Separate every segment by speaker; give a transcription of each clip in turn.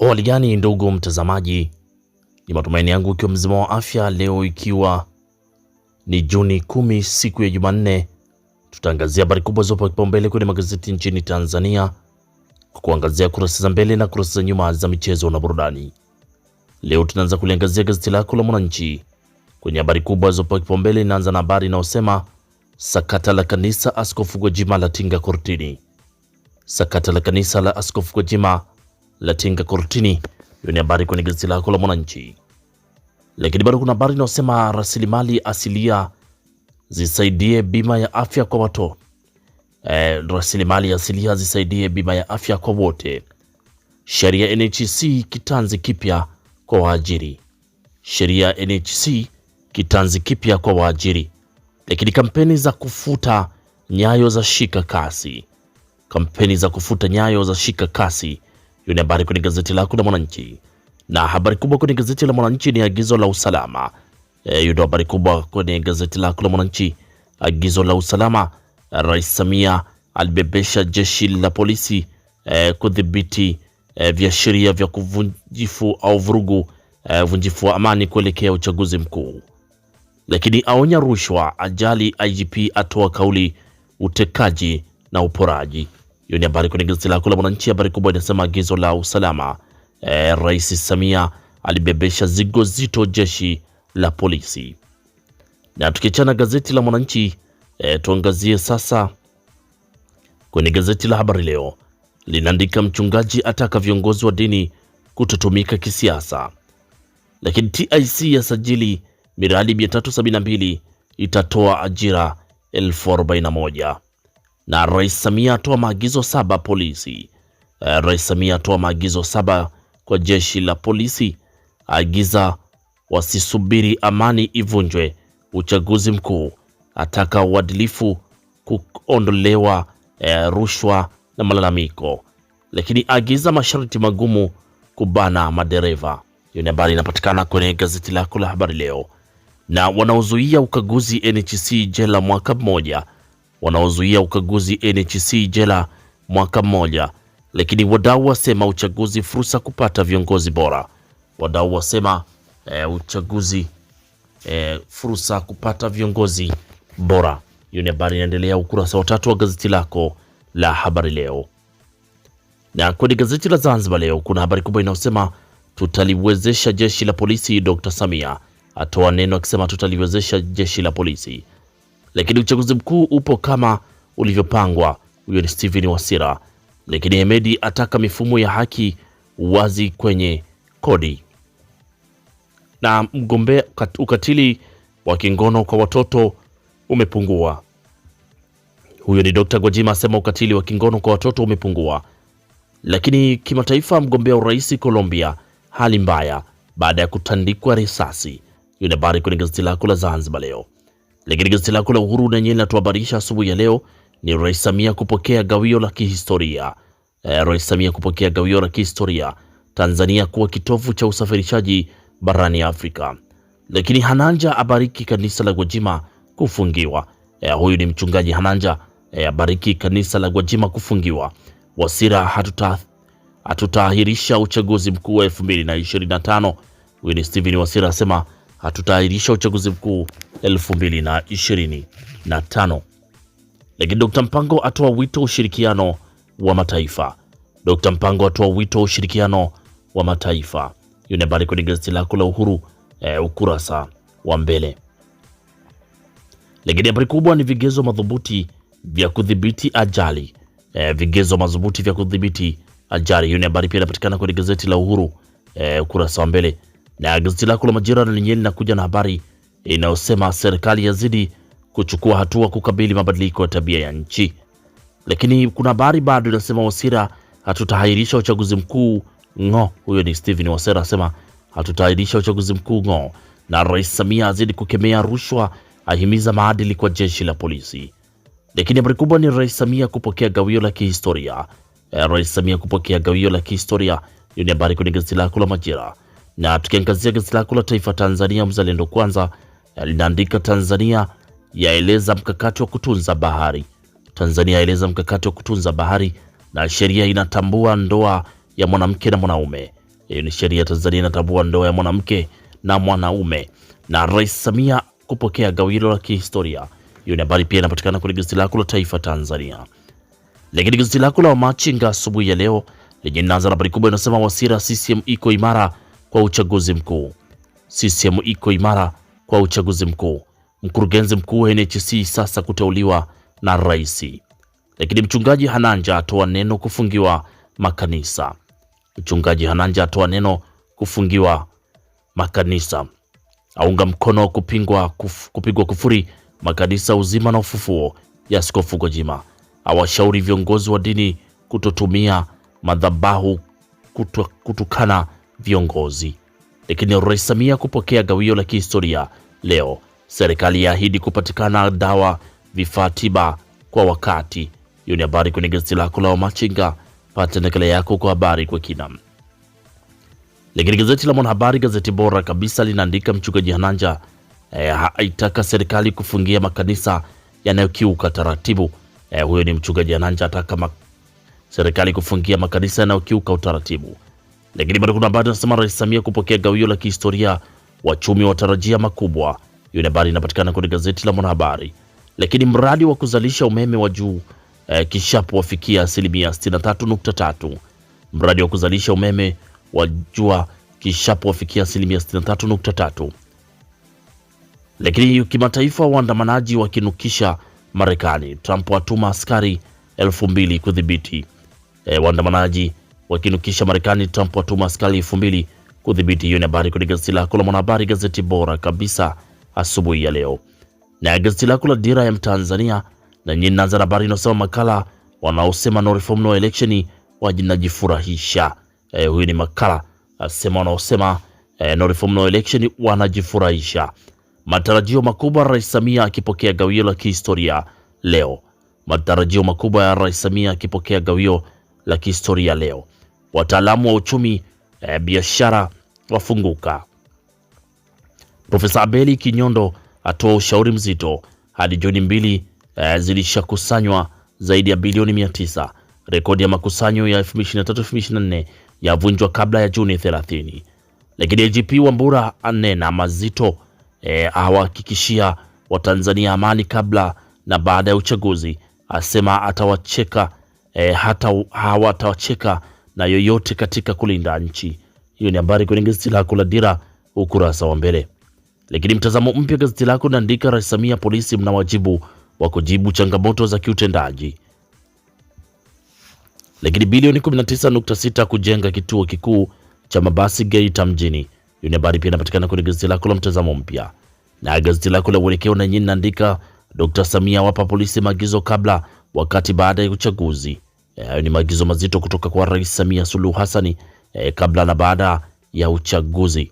Speaker 1: Waligani ndugu mtazamaji, ni matumaini yangu ikiwa mzima wa afya leo, ikiwa ni Juni kumi, siku ya Jumanne, tutaangazia habari kubwa zopa kipaumbele kwenye magazeti nchini Tanzania kwa kuangazia kurasa za mbele na kurasa za nyuma za michezo na burudani. Leo tunaanza kuliangazia gazeti lako la Mwananchi kwenye habari kubwa zopa kipaumbele. Inaanza na habari inayosema sakata la kanisa Askofu Gwajima tinga kortini. Sakata la kanisa la Askofu Gwajima Latinga Kortini. Hiyo ni habari kwenye gazeti lako la Mwananchi, lakini bado kuna habari inayosema rasilimali asilia zisaidie bima ya afya kwa watu E, rasilimali asilia zisaidie bima ya afya kwa wote. Sheria NHC kitanzi kipya kwa waajiri. Sheria NHC kitanzi kipya kwa waajiri. Lakini kampeni za kufuta nyayo za shika kasi, kampeni za kufuta nyayo za shika kasi. Hiyo ni habari kwenye gazeti lako la Mwananchi, na habari kubwa kwenye gazeti la Mwananchi ni agizo la usalama. Eh, hiyo ndio habari kubwa kwenye gazeti lako la Mwananchi, agizo la usalama. Rais Samia alibebesha jeshi la polisi eh, kudhibiti eh, viashiria vya kuvunjifu au vurugu eh, vunjifu wa amani kuelekea uchaguzi mkuu, lakini aonya rushwa. Ajali IGP atoa kauli utekaji na uporaji. Hiyo ni habari kwenye gazeti lako la Mwananchi. Habari kubwa inasema agizo la usalama e, Rais Samia alibebesha zigo zito jeshi la polisi. Na tukiachana gazeti la Mwananchi e, tuangazie sasa kwenye gazeti la Habari Leo linaandika mchungaji ataka viongozi wa dini kutotumika kisiasa, lakini TIC yasajili miradi 372 itatoa ajira 1041 na Rais Samia atoa maagizo saba polisi. Eh, Rais Samia atoa maagizo saba kwa jeshi la polisi, agiza wasisubiri amani ivunjwe uchaguzi mkuu, ataka uadilifu kuondolewa, eh, rushwa na malalamiko, lakini agiza masharti magumu kubana madereva. Hiyo ni habari inapatikana kwenye gazeti lako la habari leo. Na wanaozuia ukaguzi NHC jela mwaka mmoja wanaozuia ukaguzi NHC jela mwaka mmoja, lakini wadau wasema uchaguzi fursa kupata viongozi bora. Wadau wasema e, uchaguzi e, fursa kupata viongozi bora. Hiyo ni habari inaendelea ukurasa wa tatu wa gazeti lako la habari leo. Na kwenye gazeti la Zanzibar leo kuna habari kubwa inayosema tutaliwezesha jeshi la polisi. Dr. Samia atoa neno akisema tutaliwezesha jeshi la polisi lakini uchaguzi mkuu upo kama ulivyopangwa. Huyo ni Steven Wasira. Lakini Hemedi ataka mifumo ya haki wazi kwenye kodi, na mgombea ukatili wa kingono kwa watoto umepungua. Huyo ni Dr. Gwajima asema ukatili wa kingono kwa watoto umepungua. Lakini kimataifa, mgombea urais Colombia hali mbaya baada ya kutandikwa risasi. Hiyo ni habari kwenye gazeti lako la Zanzibar Leo. Lakini gazeti lako la Uhuru lenyewe linatuhabarisha asubuhi ya leo ni Rais Samia kupokea gawio la kihistoria eh, Rais Samia kupokea gawio la kihistoria, Tanzania kuwa kitovu cha usafirishaji barani Afrika. Lakini Hananja abariki kanisa la Gwajima kufungiwa. Eh, huyu ni mchungaji Hananja eh, abariki kanisa la Gwajima kufungiwa. Wasira hatuta hatutaahirisha uchaguzi mkuu wa 2025. Huyu ni Steven Wasira asema hatutaahirisha uchaguzi mkuu 2025. Lakini Dr. Mpango atoa wito ushirikiano wa mataifa. Dr. Mpango atoa wito ushirikiano wa mataifa. Hiyo ni habari kwenye gazeti lako la Uhuru eh, ukurasa wa mbele. Lakini habari kubwa ni vigezo madhubuti vya kudhibiti ajali eh, vigezo madhubuti vya kudhibiti ajali. Hiyo ni habari pia inapatikana kwenye gazeti la Uhuru eh, ukurasa wa mbele. Na gazeti lako la Majira lenyewe linakuja na habari inayosema serikali yazidi kuchukua hatua kukabili mabadiliko ya tabia ya nchi, lakini kuna habari bado inasema Wasira, hatutaahirisha uchaguzi mkuu ng'o. Huyo ni Steven Wasira asema hatutaahirisha uchaguzi mkuu ng'o. Na Rais Samia azidi kukemea rushwa, ahimiza maadili kwa jeshi la polisi. Lakini habari kubwa ni Rais Samia kupokea gawio la kihistoria. Eh, Rais Samia kupokea gawio la kihistoria, hiyo ni habari kwenye gazeti lako la Majira. Na tukiangazia gazeti lako la Taifa Tanzania Mzalendo Kwanza eh, linaandika Tanzania yaeleza mkakati wa kutunza bahari. Tanzania yaeleza mkakati wa kutunza bahari na sheria inatambua ndoa ya mwanamke na mwanaume. Hiyo ni sheria Tanzania inatambua ndoa ya mwanamke na mwanaume. Na Rais Samia kupokea gawilo la kihistoria. Hiyo ni habari pia inapatikana kwenye gazeti lako la Taifa Tanzania. Lakini gazeti lako la Wamachinga asubuhi ya leo lenye naanza na habari kubwa inasema Wasira CCM iko imara kwa uchaguzi mkuu. CCM iko imara kwa uchaguzi mkuu. Mkurugenzi mkuu wa NHC sasa kuteuliwa na rais. Lakini mchungaji Hananja atoa neno kufungiwa makanisa. Mchungaji Hananja atoa neno kufungiwa makanisa, aunga mkono kupingwa kuf, kupigwa kufuri makanisa, uzima na ufufuo ya Askofu Gwajima, awashauri viongozi wa dini kutotumia madhabahu kutu, kutukana viongozi. Lakini Rais Samia kupokea gawio la kihistoria leo, serikali yaahidi kupatikana dawa, vifaa tiba kwa wakati. Hiyo ni habari kwenye gazeti lako la Wamachinga, pata nakala yako kwa habari kwa kina. Lakini gazeti la Mwanahabari, gazeti bora kabisa, linaandika mchungaji Hananja e, eh, aitaka serikali kufungia makanisa yanayokiuka taratibu. E, huyo ni mchungaji Hananja ataka serikali kufungia makanisa yanayokiuka utaratibu. Lakini bado kuna habari nasema Rais Samia kupokea gawio la kihistoria, wachumi watarajia makubwa. Hiyo ni habari inapatikana kwenye gazeti la Mwanahabari. Lakini mradi wa kuzalisha umeme wa juu eh, Kishapu wafikia asilimia 63.3. Mradi wa kuzalisha umeme wa jua Kishapu wafikia asilimia 63.3. Lakini kimataifa, waandamanaji wakinukisha Marekani. Trump atuma askari elfu mbili kudhibiti e, waandamanaji wakinukisha Marekani. Trump watuma askari elfu mbili kudhibiti. Hiyo ni habari kwenye gazeti lako la Mwanahabari, gazeti bora kabisa asubuhi ya leo, na gazeti lako la Dira ya Mtanzania na nyinyi naanza na habari inayosema makala wanaosema no reform no election wajinajifurahisha. Eh, huyu ni makala asema wanaosema eh, no reform no election wanajifurahisha. Matarajio makubwa Rais Samia akipokea gawio la kihistoria leo. Matarajio makubwa ya Rais Samia akipokea gawio la kihistoria leo wataalamu wa uchumi e, biashara wafunguka. Profesa Abeli Kinyondo atoa ushauri mzito, hadi Juni mbili e, zilishakusanywa zaidi ya bilioni tisa. Rekodi ya makusanyo ya 2023-2024 yavunjwa kabla ya Juni 30. Lakini IGP Wambura anena mazito e, eh, awahakikishia Watanzania amani kabla na baada ya uchaguzi, asema atawacheka e, hata hawatawacheka na yoyote katika kulinda nchi. Hiyo ni habari kwenye gazeti lako la Dira ukurasa wa mbele. Lakini mtazamo mpya gazeti lako linaandika Rais Samia, polisi mna wajibu wa kujibu changamoto za kiutendaji. Lakini bilioni 19.6 kujenga kituo kikuu cha mabasi Geita mjini. Hiyo ni habari pia inapatikana kwenye gazeti lako la mtazamo mpya. Na gazeti lako la uelekeo na nyinyi naandika Dr. Samia wapa polisi maagizo kabla, wakati, baada ya uchaguzi. Hayo ni maagizo mazito kutoka kwa Rais Samia Suluhu Hassan eh, kabla na baada ya uchaguzi.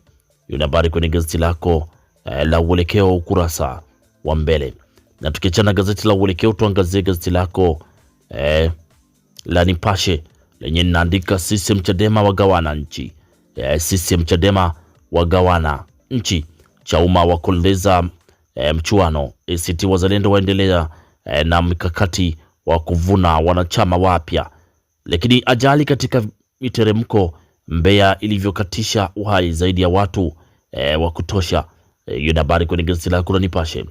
Speaker 1: Hiyo ni habari kwenye gazeti lako eh, la Uelekeo ukurasa wa mbele. Na tukiachana gazeti la Uelekeo, tuangazie gazeti lako eh, la Nipashe lenye linaandika CCM Chadema wagawana nchi. Eh, CCM Chadema wagawana nchi. Chauma wakoleza eh, mchuano. ACT Wazalendo waendelea eh, na mikakati wa kuvuna wanachama wapya. Lakini ajali katika miteremko Mbeya ilivyokatisha uhai zaidi ya watu e, wa kutosha. E, hiyo e, ni habari kwenye gazeti lako la Nipashe.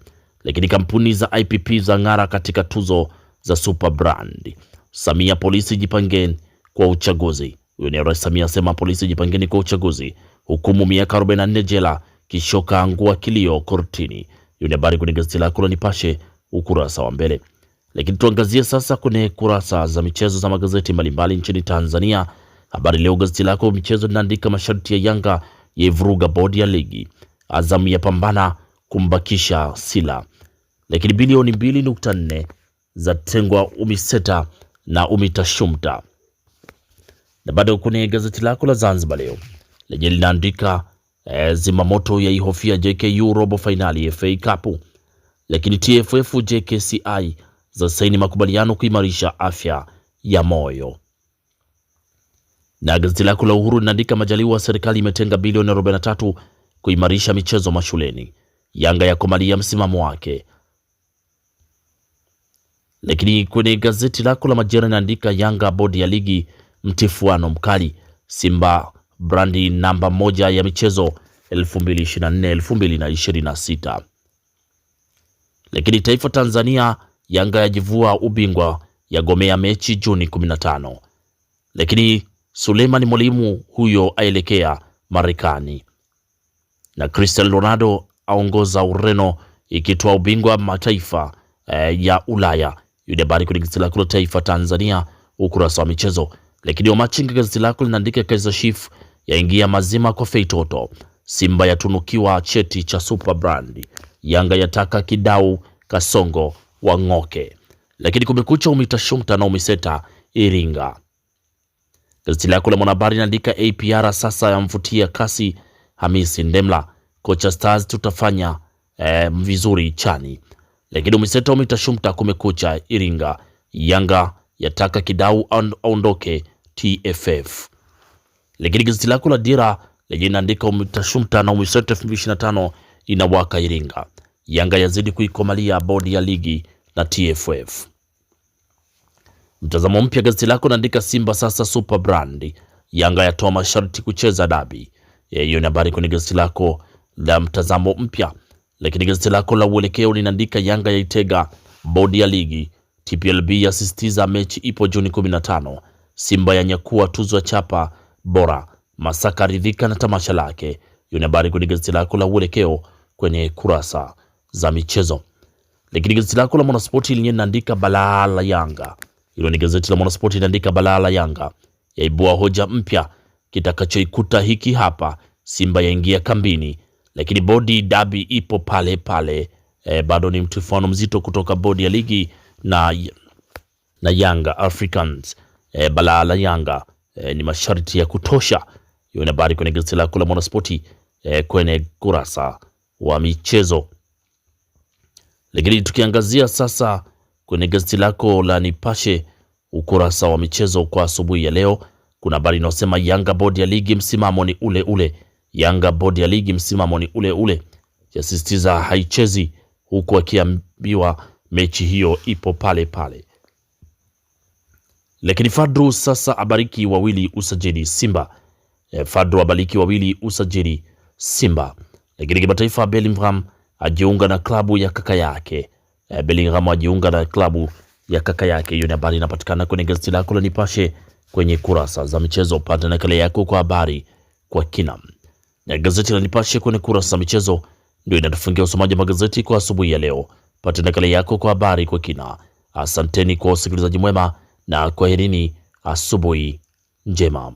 Speaker 1: Lakini kampuni za IPP za ng'ara katika tuzo za Super Brand. Samia, polisi jipangeni kwa uchaguzi. Huyo ni Rais Samia asema polisi jipangeni kwa uchaguzi. Hukumu miaka 44 jela, Kishoka angua kilio kortini. Hiyo ni habari kwenye gazeti lako la Nipashe ukurasa wa mbele. Lakini tuangazie sasa kwenye kurasa za michezo za magazeti mbalimbali nchini Tanzania. Habari Leo gazeti lako michezo linaandika masharti ya Yanga yaivuruga bodi ya ligi, Azamu yapambana kumbakisha Sila, lakini bilioni 2.4 za tengwa UMISETA na UMITASHUMTA. Na bado kwenye gazeti lako la Zanzibar Leo lenye linaandika e, zimamoto yaihofia JKU robo fainali FA Cup, lakini TFF JKCI za saini makubaliano kuimarisha afya ya moyo. Na gazeti lako la Uhuru linaandika Majaliwa, serikali imetenga bilioni 43 kuimarisha michezo mashuleni. Yanga ya komalia msimamo wake. Lakini kwenye gazeti lako la Majira inaandika Yanga, bodi ya ligi mtifuano mkali. Simba brandi namba moja ya michezo 2024 2026. Lakini Taifa Tanzania Yanga yajivua ubingwa, yagomea mechi Juni 15. Lakini Suleiman mwalimu huyo aelekea Marekani na Cristiano Ronaldo aongoza Ureno ikitoa ubingwa mataifa eh, ya Ulaya. Yule ni habari kwenye gazeti lako la Taifa Tanzania ukurasa wa michezo. Lakini Wamachinga gazeti lako linaandika Kaizer Chiefs yaingia mazima kwa Feitoto, Simba yatunukiwa cheti cha Super Brand, Yanga yataka kidau Kasongo wa Ngoke. Lakini kumekucha umitashumta na umiseta Iringa. Gazeti lako la Mwanahabari inaandika APR sasa yamvutia kasi Hamisi Ndemla, kocha Stars tutafanya eh, vizuri chani. Lakini umiseta umitashumta kumekucha Iringa. Yanga yataka Kidau aondoke TFF. Lakini gazeti lako la Dira lenye inaandika umitashumta na umiseta 2025 inawaka Iringa. Yanga yazidi kuikomalia bodi ya ligi na TFF. Mtazamo mpya gazeti lako naandika Simba sasa super brand, Yanga yatoa masharti kucheza dabi. Eh, hiyo ni habari kwenye gazeti lako la mtazamo mpya, lakini gazeti lako la uelekeo linaandika Yanga yaitega bodi ya ligi, TPLB yasisitiza mechi ipo Juni 15, Simba yanyakua tuzo ya chapa bora, Masaka ridhika na tamasha lake. Hiyo ni habari kwenye gazeti lako la uelekeo kwenye kurasa za michezo. Lakini gazeti lako la Mwanaspoti lenyewe linaandika balaa la Yanga. Hilo ni gazeti la Mwanaspoti linaandika balaa la Yanga yaibua hoja mpya, kitakachoikuta hiki hapa, Simba yaingia kambini. Lakini bodi dabi ipo pale pale. E, bado ni mtufano mzito kutoka bodi ya ligi na, na Yanga Africans. E, balaa la Yanga e, ni masharti ya kutosha. Hiyo ni habari kwenye gazeti lako la Mwanaspoti e, kwenye kurasa wa michezo. Lakini tukiangazia sasa kwenye gazeti lako la Nipashe ukurasa wa michezo kwa asubuhi ya leo, kuna habari inayosema Yanga bodi ya ligi msimamo ni ule ule. Yanga bodi ya ligi msimamo ni ule ule, yasisitiza haichezi, huku akiambiwa mechi hiyo ipo pale pale. Lakini Fadru sasa abariki wawili usajili Simba. Eh, Fadru abariki wawili usajili Simba. Lakini kimataifa Bellingham ajiunga na klabu ya kaka yake. Eh, Bellingham ajiunga na klabu ya kaka yake. Hiyo ni habari inapatikana kwenye gazeti lako la Nipashe kwenye kurasa za michezo. Upate nakala yako kwa habari kwa kina na eh, gazeti la Nipashe kwenye kurasa za michezo. Ndio inatufungia usomaji wa magazeti kwa asubuhi ya leo. Pata nakala yako kwa habari kwa kina. Asanteni kwa usikilizaji mwema na kwaherini, asubuhi njema.